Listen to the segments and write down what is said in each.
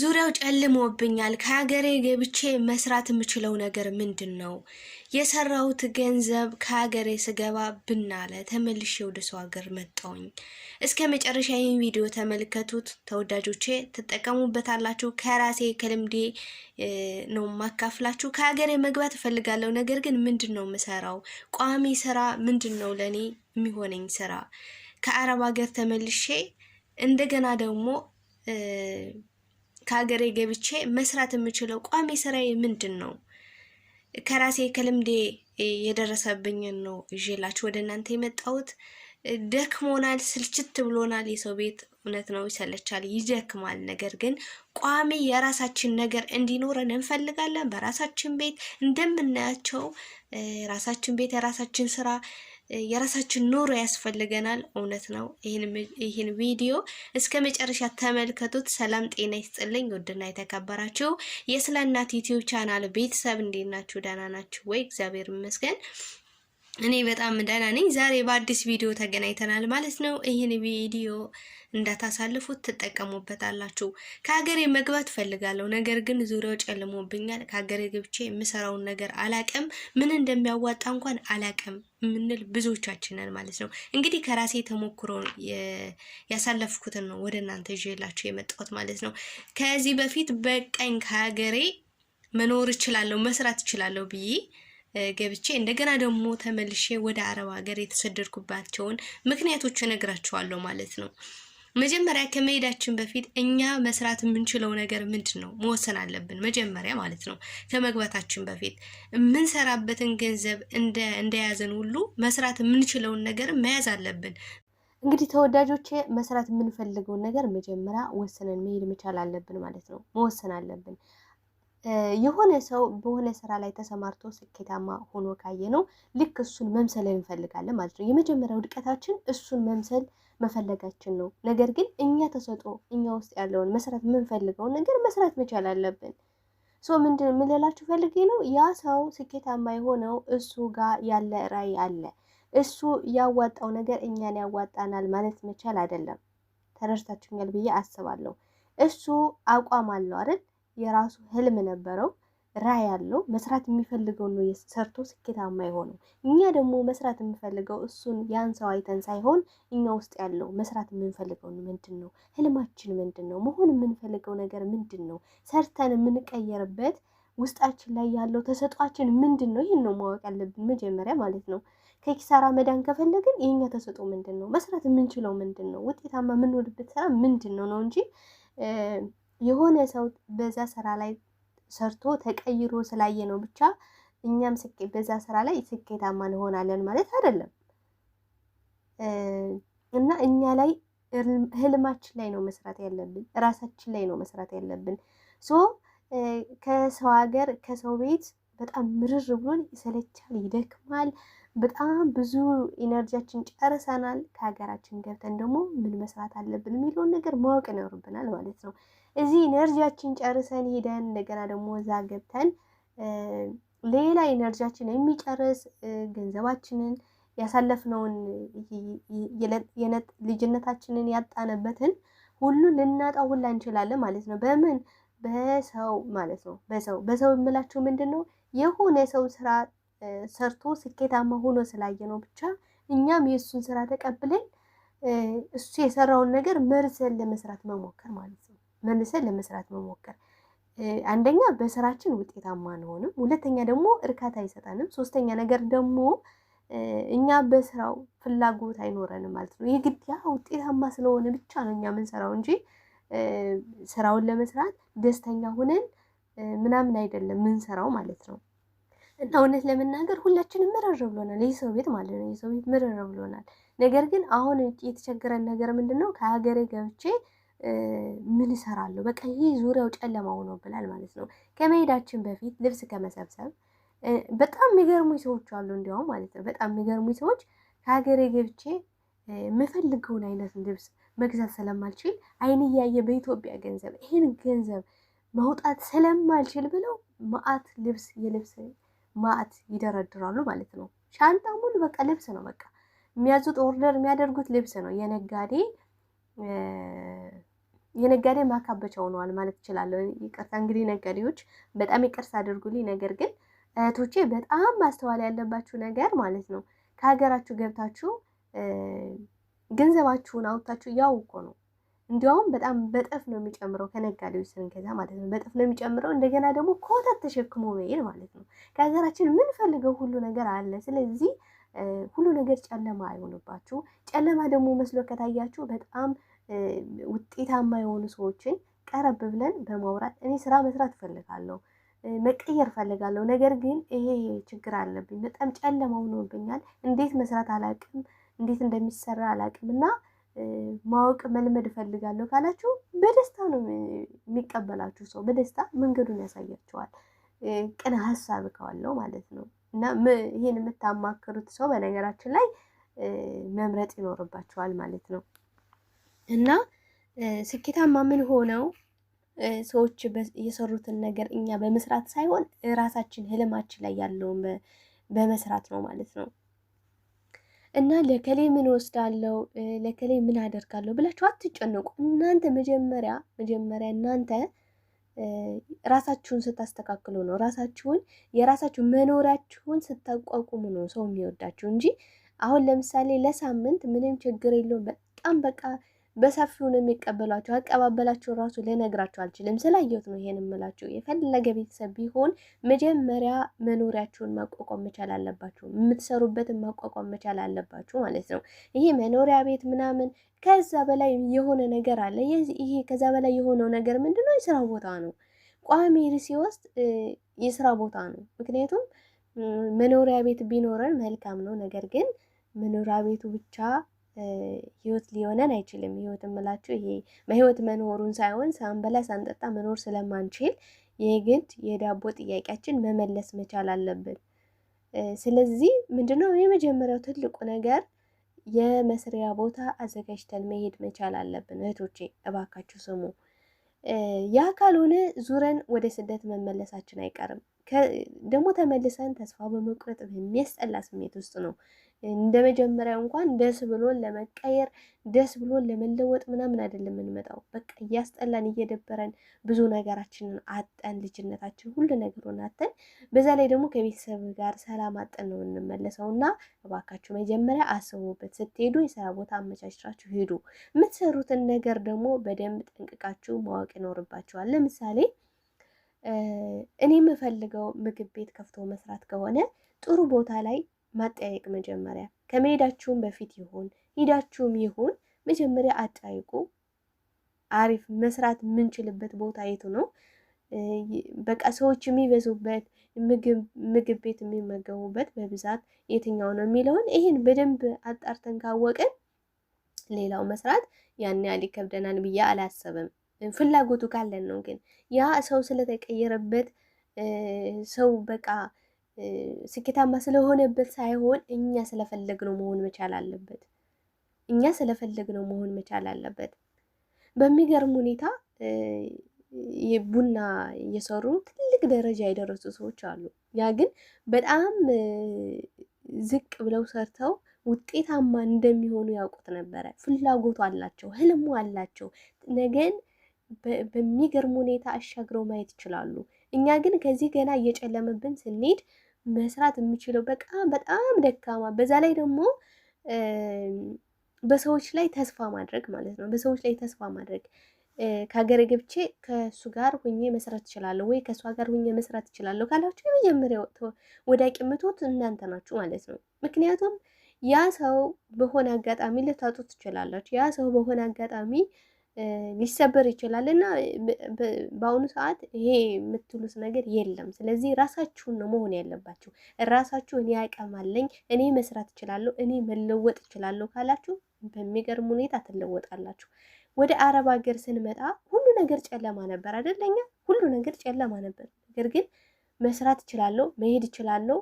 ዙሪያው ጨልሞብኛል። ከሀገሬ ገብቼ መስራት የምችለው ነገር ምንድን ነው? የሰራሁት ገንዘብ ከሀገሬ ስገባ ብናለ ተመልሼ ወደ ሰው ሀገር መጣውኝ። እስከ መጨረሻ ይህን ቪዲዮ ተመልከቱት ተወዳጆቼ፣ ትጠቀሙበታላችሁ። ከራሴ ከልምዴ ነው ማካፍላችሁ። ከሀገሬ መግባት እፈልጋለሁ፣ ነገር ግን ምንድን ነው የምሰራው? ቋሚ ስራ ምንድን ነው ለእኔ የሚሆነኝ ስራ? ከአረብ ሀገር ተመልሼ እንደገና ደግሞ ከሀገሬ ገብቼ መስራት የምችለው ቋሚ ስራዬ ምንድን ነው? ከራሴ ከልምዴ የደረሰብኝን ነው ይዤላችሁ ወደ እናንተ የመጣሁት። ደክሞናል፣ ስልችት ብሎናል። የሰው ቤት እውነት ነው ይሰለቻል፣ ይደክማል። ነገር ግን ቋሚ የራሳችን ነገር እንዲኖረን እንፈልጋለን። በራሳችን ቤት እንደምናያቸው ራሳችን ቤት የራሳችን ስራ የራሳችን ኑሮ ያስፈልገናል። እውነት ነው። ይህን ቪዲዮ እስከ መጨረሻ ተመልከቱት። ሰላም ጤና ይስጥልኝ። ውድና የተከበራችሁ የስለ እናት ዩቲዩብ ቻናል ቤተሰብ እንዴት ናችሁ? ደህና ናችሁ ወይ? እግዚአብሔር ይመስገን። እኔ በጣም ደህና ነኝ። ዛሬ በአዲስ ቪዲዮ ተገናኝተናል ማለት ነው። ይህን ቪዲዮ እንዳታሳልፉት ትጠቀሙበታላችሁ። ከሀገሬ መግባት ፈልጋለሁ፣ ነገር ግን ዙሪያው ጨልሞብኛል። ከሀገሬ ገብቼ የምሰራውን ነገር አላቅም፣ ምን እንደሚያዋጣ እንኳን አላቅም የምንል ብዙዎቻችንን ማለት ነው። እንግዲህ ከራሴ ተሞክሮ ያሳለፍኩትን ነው ወደ እናንተ ይዤላችሁ የመጣሁት ማለት ነው። ከዚህ በፊት በቀኝ ከሀገሬ መኖር እችላለሁ፣ መስራት እችላለሁ ብዬ ገብቼ እንደገና ደግሞ ተመልሼ ወደ አረብ ሀገር የተሰደድኩባቸውን ምክንያቶች እነግራችኋለሁ ማለት ነው። መጀመሪያ ከመሄዳችን በፊት እኛ መስራት የምንችለው ነገር ምንድን ነው መወሰን አለብን። መጀመሪያ ማለት ነው ከመግባታችን በፊት የምንሰራበትን ገንዘብ እንደያዘን ሁሉ መስራት የምንችለውን ነገር መያዝ አለብን። እንግዲህ ተወዳጆቼ መስራት የምንፈልገውን ነገር መጀመሪያ ወሰነን መሄድ መቻል አለብን ማለት ነው። መወሰን አለብን። የሆነ ሰው በሆነ ስራ ላይ ተሰማርቶ ስኬታማ ሆኖ ካየ ነው ልክ እሱን መምሰል እንፈልጋለን ማለት ነው። የመጀመሪያ ውድቀታችን እሱን መምሰል መፈለጋችን ነው። ነገር ግን እኛ ተሰጦ እኛ ውስጥ ያለውን መስራት የምንፈልገውን ነገር መስራት መቻል አለብን። ሶ ምንድን የምንላችሁ ፈልጌ ነው ያ ሰው ስኬታማ የሆነው እሱ ጋር ያለ ራዕይ አለ። እሱ ያዋጣው ነገር እኛን ያዋጣናል ማለት መቻል አይደለም። ተረድታችሁኛል ብዬ አስባለሁ። እሱ አቋም አለው አይደል የራሱ ህልም ነበረው፣ ራዕይ ያለው መስራት የሚፈልገው ነው የሰርቶ ስኬታማ የሆነው። እኛ ደግሞ መስራት የምፈልገው እሱን ያን ሰው አይተን ሳይሆን እኛ ውስጥ ያለው መስራት የምንፈልገው ምንድን ነው? ህልማችን ምንድን ነው? መሆን የምንፈልገው ነገር ምንድን ነው? ሰርተን የምንቀየርበት ውስጣችን ላይ ያለው ተሰጧችን ምንድን ነው? ይህን ነው ማወቅ ያለብን መጀመሪያ ማለት ነው። ከኪሳራ መዳን ከፈለግን የእኛ ተሰጦ ምንድን ነው? መስራት የምንችለው ምንድን ነው? ውጤታማ የምንወድበት ስራ ምንድን ነው ነው እንጂ የሆነ ሰው በዛ ስራ ላይ ሰርቶ ተቀይሮ ስላየ ነው ብቻ እኛም በዛ ስራ ላይ ስኬታማ እንሆናለን ማለት አይደለም። እና እኛ ላይ ህልማችን ላይ ነው መስራት ያለብን፣ እራሳችን ላይ ነው መስራት ያለብን። ሶ ከሰው ሀገር ከሰው ቤት በጣም ምርር ብሎን ይሰለቻል፣ ይደክማል። በጣም ብዙ ኢነርጂያችን ጨርሰናል። ከሀገራችን ገብተን ደግሞ ምን መስራት አለብን የሚለውን ነገር ማወቅ ይኖርብናል ማለት ነው። እዚህ ኢነርጂያችን ጨርሰን ሄደን እንደገና ደግሞ እዛ ገብተን ሌላ ኢነርጂያችን የሚጨርስ ገንዘባችንን ያሳለፍነውን ልጅነታችንን ያጣነበትን ሁሉ ልናጣው ሁላ እንችላለን ማለት ነው። በምን በሰው ማለት ነው። በሰው በሰው የምላቸው ምንድን ነው? የሆነ ሰው ስራ ሰርቶ ስኬታማ ሆኖ ስላየ ነው ብቻ እኛም የእሱን ስራ ተቀብለን እሱ የሰራውን ነገር መርዘን ለመስራት መሞከር ማለት ነው። መልሰን ለመስራት መሞከር አንደኛ በስራችን ውጤታማ አንሆንም፣ ሁለተኛ ደግሞ እርካታ አይሰጠንም፣ ሶስተኛ ነገር ደግሞ እኛ በስራው ፍላጎት አይኖረንም ማለት ነው። የግድ ያ ውጤታማ ስለሆነ ብቻ ነው እኛ የምንሰራው እንጂ ስራውን ለመስራት ደስተኛ ሆነን ምናምን አይደለም ምንሰራው ማለት ነው። እና እውነት ለመናገር ሁላችንም ምርር ብሎናል፣ ሰው ቤት ማለት ነው። ሰው ቤት ምርር ብሎናል። ነገር ግን አሁን የተቸገረን ነገር ምንድን ነው? ከሀገሬ ገብቼ ምን እሰራለሁ በቃ ይህ ዙሪያው ጨለማ ሆኖብናል ማለት ነው። ከመሄዳችን በፊት ልብስ ከመሰብሰብ በጣም የሚገርሙኝ ሰዎች አሉ። እንዲያውም ማለት ነው በጣም የሚገርሙኝ ሰዎች ከሀገሬ ገብቼ የምፈልገውን አይነት ልብስ መግዛት ስለማልችል አይን እያየ በኢትዮጵያ ገንዘብ ይህን ገንዘብ መውጣት ስለማልችል ብለው ማአት ልብስ የልብስ ማአት ይደረድራሉ ማለት ነው። ሻንጣ ሙሉ በቃ ልብስ ነው። በቃ የሚያዙት ኦርደር የሚያደርጉት ልብስ ነው። የነጋዴ የነጋዴ ማካበቻ ሆነዋል ማለት እችላለሁ። ይቅርታ እንግዲህ ነጋዴዎች በጣም ይቅርታ አድርጉልኝ። ነገር ግን እህቶቼ በጣም ማስተዋል ያለባችሁ ነገር ማለት ነው ከሀገራችሁ ገብታችሁ ገንዘባችሁን አውጥታችሁ ያው እኮ ነው እንዲያውም በጣም በጠፍ ነው የሚጨምረው ከነጋዴዎች ስንገዛ ማለት ነው። በጠፍ ነው የሚጨምረው። እንደገና ደግሞ ኮተት ተሸክሞ መሄድ ማለት ነው። ከሀገራችን የምንፈልገው ሁሉ ነገር አለ። ስለዚህ ሁሉ ነገር ጨለማ አይሆንባችሁ። ጨለማ ደግሞ መስሎ ከታያችሁ በጣም ውጤታማ የሆኑ ሰዎችን ቀረብ ብለን በማውራት እኔ ስራ መስራት እፈልጋለሁ፣ መቀየር እፈልጋለሁ፣ ነገር ግን ይሄ ችግር አለብኝ፣ በጣም ጨለማ ሆኖብኛል፣ እንዴት መስራት አላቅም፣ እንዴት እንደሚሰራ አላቅም እና ማወቅ መልመድ እፈልጋለሁ ካላችሁ በደስታ ነው የሚቀበላችሁ። ሰው በደስታ መንገዱን ያሳያችኋል። ቅን ሀሳብ ካለው ማለት ነው። እና ይህን የምታማክሩት ሰው በነገራችን ላይ መምረጥ ይኖርባችኋል ማለት ነው እና ስኬታማ ምን ሆነው ሰዎች የሰሩትን ነገር እኛ በመስራት ሳይሆን ራሳችን ህልማችን ላይ ያለውን በመስራት ነው ማለት ነው። እና ለከሌ ምን ወስዳለው ለከሌ ምን አደርጋለሁ ብላችሁ አትጨነቁ። እናንተ መጀመሪያ መጀመሪያ እናንተ ራሳችሁን ስታስተካክሉ ነው ራሳችሁን የራሳችሁ መኖሪያችሁን ስታቋቁሙ ነው ሰው የሚወዳችሁ እንጂ አሁን ለምሳሌ ለሳምንት ምንም ችግር የለውም በጣም በቃ በሰፊው ነው የሚቀበሏቸው። አቀባበላቸው ራሱ ልነግራቸው አልችልም። ስላየሁት ነው ይሄን የምላቸው። የፈለገ ቤተሰብ ቢሆን መጀመሪያ መኖሪያቸውን ማቋቋም መቻል አለባቸው። የምትሰሩበትን ማቋቋም መቻል አለባቸው ማለት ነው። ይሄ መኖሪያ ቤት ምናምን ከዛ በላይ የሆነ ነገር አለ። ይሄ ከዛ በላይ የሆነው ነገር ምንድነው? የስራ ቦታ ነው። ቋሚ ሲወስድ የስራ ቦታ ነው። ምክንያቱም መኖሪያ ቤት ቢኖረን መልካም ነው። ነገር ግን መኖሪያ ቤቱ ብቻ ህይወት ሊሆነን አይችልም። ህይወት የምላችሁ ይሄ በህይወት መኖሩን ሳይሆን ሳንበላ ሳንጠጣ መኖር ስለማንችል የግድ የዳቦ ጥያቄያችን መመለስ መቻል አለብን። ስለዚህ ምንድነው የመጀመሪያው ትልቁ ነገር የመስሪያ ቦታ አዘጋጅተን መሄድ መቻል አለብን። እህቶቼ እባካችሁ ስሙ። ያ ካልሆነ ዙረን ወደ ስደት መመለሳችን አይቀርም። ደግሞ ተመልሰን ተስፋ በመቁረጥ የሚያስጠላ ስሜት ውስጥ ነው እንደ መጀመሪያ እንኳን ደስ ብሎን ለመቀየር ደስ ብሎን ለመለወጥ ምናምን አይደለም የምንመጣው። በቃ እያስጠላን እየደበረን ብዙ ነገራችንን አጠን ልጅነታችን ሁሉ ነገሩን አጠን፣ በዛ ላይ ደግሞ ከቤተሰብ ጋር ሰላም አጠን ነው የምንመለሰው። እና እባካችሁ መጀመሪያ አስቡበት። ስትሄዱ የስራ ቦታ አመቻችራችሁ ሄዱ። የምትሰሩትን ነገር ደግሞ በደንብ ጠንቅቃችሁ ማወቅ ይኖርባችኋል። ለምሳሌ እኔ የምፈልገው ምግብ ቤት ከፍቶ መስራት ከሆነ ጥሩ ቦታ ላይ ማጠያየቅ መጀመሪያ ከመሄዳችሁም በፊት ይሁን ሂዳችሁም ይሁን መጀመሪያ አጠያይቁ። አሪፍ መስራት የምንችልበት ቦታ የቱ ነው? በቃ ሰዎች የሚበዙበት ምግብ ቤት የሚመገቡበት በብዛት የትኛው ነው የሚለውን ይህን በደንብ አጣርተን ካወቅን ሌላው መስራት ያን ያህል ይከብደናል ብዬ አላሰብም። ፍላጎቱ ካለን ነው። ግን ያ ሰው ስለተቀየረበት ሰው በቃ ስኬታማ ስለሆነበት ሳይሆን እኛ ስለፈለግነው መሆን መቻል አለበት። እኛ ስለፈለግነው መሆን መቻል አለበት። በሚገርም ሁኔታ ቡና እየሰሩ ትልቅ ደረጃ የደረሱ ሰዎች አሉ። ያ ግን በጣም ዝቅ ብለው ሰርተው ውጤታማ እንደሚሆኑ ያውቁት ነበረ። ፍላጎቱ አላቸው፣ ህልሙ አላቸው። ነገን በሚገርም ሁኔታ አሻግረው ማየት ይችላሉ። እኛ ግን ከዚህ ገና እየጨለመብን ስንሄድ መስራት የምችለው በጣም በጣም ደካማ፣ በዛ ላይ ደግሞ በሰዎች ላይ ተስፋ ማድረግ ማለት ነው። በሰዎች ላይ ተስፋ ማድረግ ከሀገር ገብቼ ከእሱ ጋር ሁኜ መስራት እችላለሁ ወይ ከእሷ ጋር ሁኜ መስራት እችላለሁ ካላችሁ የመጀመሪያ ወዳቂ የምትሆኑት እናንተ ናችሁ ማለት ነው። ምክንያቱም ያ ሰው በሆነ አጋጣሚ ልታጡት ትችላላችሁ። ያ ሰው በሆነ አጋጣሚ ሊሰበር ይችላል እና በአሁኑ ሰዓት ይሄ የምትሉት ነገር የለም። ስለዚህ ራሳችሁን ነው መሆን ያለባችሁ። ራሳችሁ እኔ አቀማለኝ እኔ መስራት እችላለሁ፣ እኔ መለወጥ እችላለሁ ካላችሁ በሚገርም ሁኔታ ትለወጣላችሁ። ወደ አረብ ሀገር ስንመጣ ሁሉ ነገር ጨለማ ነበር አይደል? ሁሉ ነገር ጨለማ ነበር። ነገር ግን መስራት እችላለሁ፣ መሄድ እችላለሁ፣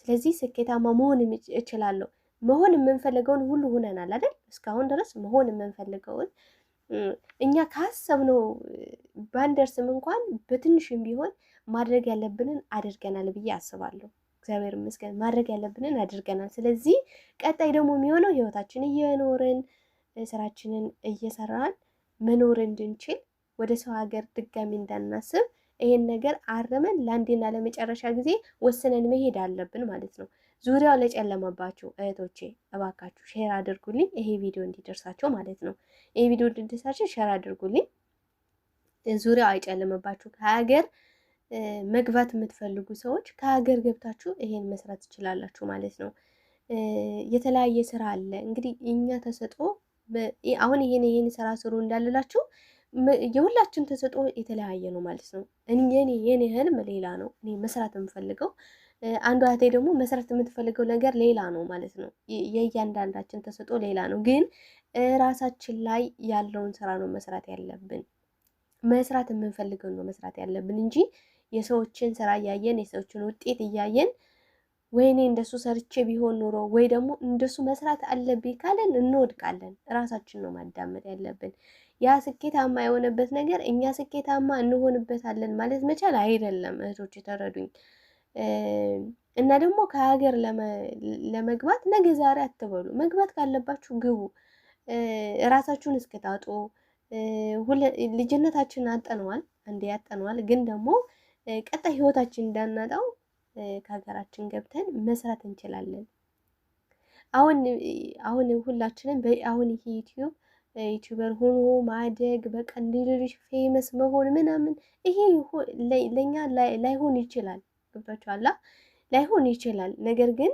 ስለዚህ ስኬታማ መሆን እችላለሁ። መሆን የምንፈልገውን ሁሉ ሁነናል አይደል? እስካሁን ድረስ መሆን የምንፈልገውን እኛ ካሰብነው ባንደርስም እንኳን በትንሽም ቢሆን ማድረግ ያለብንን አድርገናል ብዬ አስባለሁ። እግዚአብሔር ይመስገን ማድረግ ያለብንን አድርገናል። ስለዚህ ቀጣይ ደግሞ የሚሆነው ህይወታችን እየኖርን ስራችንን እየሰራን መኖር እንድንችል ወደ ሰው ሀገር ድጋሚ እንዳናስብ ይሄን ነገር አርመን ለአንዴና ለመጨረሻ ጊዜ ወስነን መሄድ አለብን ማለት ነው። ዙሪያው ለጨለመባችሁ እህቶቼ እባካችሁ ሼር አድርጉልኝ፣ ይሄ ቪዲዮ እንዲደርሳቸው ማለት ነው። ይሄ ቪዲዮ እንዲደርሳቸው ሼር አድርጉልኝ። ዙሪያው አይጨለመባቸው ከሀገር መግባት የምትፈልጉ ሰዎች ከሀገር ገብታችሁ ይሄን መስራት ትችላላችሁ ማለት ነው። የተለያየ ስራ አለ እንግዲህ እኛ ተሰጦ አሁን ይሄን ይሄን ስራ ስሩ እንዳልላችሁ የሁላችን ተሰጦ የተለያየ ነው ማለት ነው። እኔ የኔ ህልም ሌላ ነው። እኔ መስራት የምፈልገው አንዷ እህቴ ደግሞ መስራት የምትፈልገው ነገር ሌላ ነው ማለት ነው። የእያንዳንዳችን ተሰጦ ሌላ ነው፣ ግን ራሳችን ላይ ያለውን ስራ ነው መስራት ያለብን። መስራት የምንፈልገው ነው መስራት ያለብን እንጂ የሰዎችን ስራ እያየን የሰዎችን ውጤት እያየን ወይኔ እንደሱ ሰርቼ ቢሆን ኖሮ ወይ ደግሞ እንደሱ መስራት አለብኝ ካለን እንወድቃለን። ራሳችን ነው ማዳመጥ ያለብን። ያ ስኬታማ የሆነበት ነገር እኛ ስኬታማ እንሆንበታለን ማለት መቻል አይደለም። እህቶች የተረዱኝ እና ደግሞ ከሀገር ለመግባት ነገ ዛሬ አትበሉ። መግባት ካለባችሁ ግቡ። እራሳችሁን እስክታጡ ልጅነታችን አጠነዋል፣ አንዴ ያጠነዋል። ግን ደግሞ ቀጣይ ህይወታችን እንዳናጣው ከሀገራችን ገብተን መስራት እንችላለን። አሁን አሁን ሁላችንም አሁን ይሄ ዩቲዩብ ዩቲዩበር ሆኖ ማደግ በቃ ሌሎች ፌመስ መሆን ምናምን ይሄ ለእኛ ላይሆን ይችላል ገብቷችኋል። ላይሆን ይችላል። ነገር ግን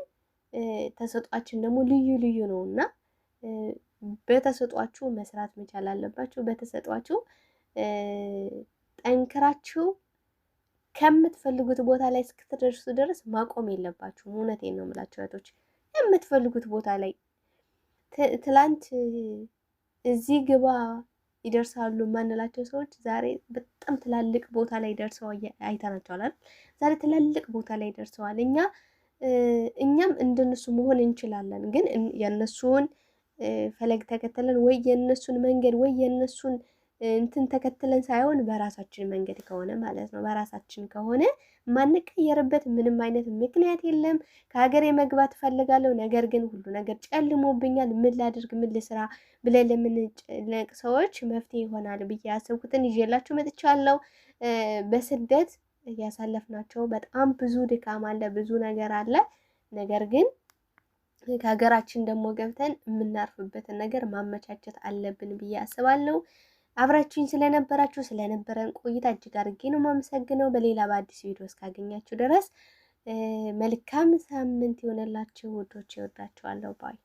ተሰጧችን ደግሞ ልዩ ልዩ ነው እና በተሰጧችሁ መስራት መቻል አለባችሁ። በተሰጧችሁ ጠንክራችሁ ከምትፈልጉት ቦታ ላይ እስክትደርሱ ድረስ ማቆም የለባችሁም። እውነቴን ነው የምላችሁ እህቶች፣ የምትፈልጉት ቦታ ላይ ትላንት እዚህ ግባ ይደርሳሉ የማንላቸው ሰዎች ዛሬ በጣም ትላልቅ ቦታ ላይ ደርሰው አይተናቸዋል። ዛሬ ትላልቅ ቦታ ላይ ደርሰዋል። እኛ እኛም እንደነሱ መሆን እንችላለን፣ ግን የነሱን ፈለግ ተከተለን ወይ የነሱን መንገድ ወይ የነሱን እንትን ተከትለን ሳይሆን በራሳችን መንገድ ከሆነ ማለት ነው። በራሳችን ከሆነ ማንቀየርበት ምንም አይነት ምክንያት የለም። ከሀገሬ መግባት እፈልጋለሁ፣ ነገር ግን ሁሉ ነገር ጨልሞብኛል፣ ምን ላድርግ፣ ምን ልስራ ብለን ለምንጨነቅ ሰዎች መፍትሄ ይሆናል ብዬ ያሰብኩትን ይዤላችሁ መጥቻለሁ። በስደት እያሳለፍናቸው በጣም ብዙ ድካም አለ፣ ብዙ ነገር አለ። ነገር ግን ከሀገራችን ደግሞ ገብተን የምናርፍበትን ነገር ማመቻቸት አለብን ብዬ አስባለሁ። አብራችሁኝ ስለነበራችሁ ስለነበረን ቆይታ እጅግ አድርጌ ነው ማመሰግነው። በሌላ በአዲስ ቪዲዮ እስካገኛችሁ ድረስ መልካም ሳምንት ይሆነላችሁ ውዶች። ይወዳችኋለሁ ባይ